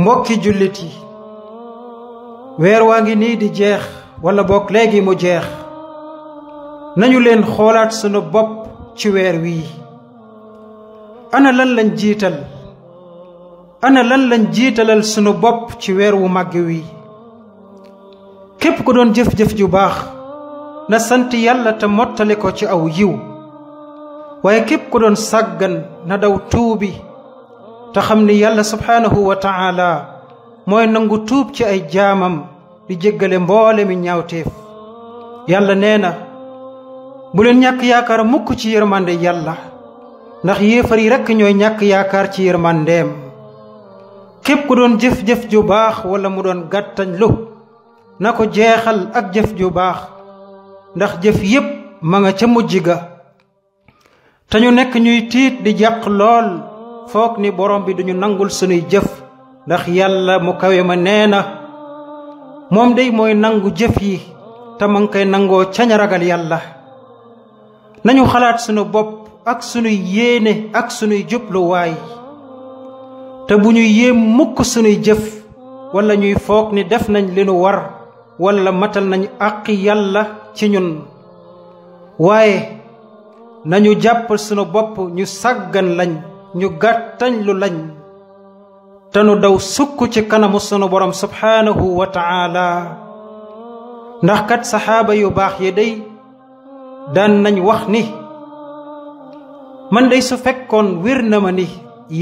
mbokki jullit yi weer waa ngi nii di jeex wala boog léegi mu jeex nañu leen xoolaat sunu bopp ci weer wii ana lan lañ jiital ana lan lañ jiitalal sunu bopp ci weer wu màgg wii képp ku doon jëf-jëf ju baax na sant yàlla te mottali ko ci aw yiw waaye képp ku doon sàggan na daw tuubi te xam ni yàlla subhaanahu wa taala mooy nangu tuub ci ay jaamam di jéggale mboole mi ñaawteef yàlla nee na bu leen ñàkk yaakaar mukk ci yërmande yàlla ndax yéefar yi rekk ñooy ñàkk yaakaar ci yërmandeem képp ku doon jëf-jëf ju baax wala mu doon gàttañ lu na ko jeexal ak jëf ju baax ndax jëf yépp ma nga ca mujj ga te nekk ñuy tiit di jàq lool foog ni borom bi duñu nangul sunuy jëf ndax yàlla mu kawe ma nee na moom day mooy nangu jëf yi te ma ngi koy nangoo cañ ragal yàlla nañu xalaat sunu bopp ak sunuy yéene ak sunuy jubluwaay te bu ñu yéem mukk sunuy jëf wala ñuy foog ni def nañ li nu war wala matal nañu àqi yàlla ci ñun waaye nañu jàppal sunu bopp ñu sàggan lañ ñu gàttañ lu lañ tanu daw sukk ci kanamu sunu borom subhaanahu wa taala ndax kat saxaaba yu baax yi day daan nañ wax ni man day su fekkoon wér na ma ni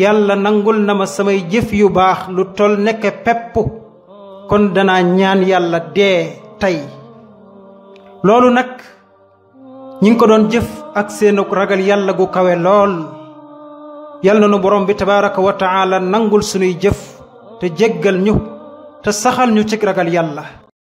yàlla nangul na ma samay jëf yu baax lu tol nekke pepp kon danaa ñaan yàlla dee tey loolu nag ñi ngi ko doon jëf ak seenuk ragal yàlla gu kawe lool yal na nu borom bi tabaaraka wa taala nangul suñuy jëf te jéggal ñu te saxal ñu ci ragal yàlla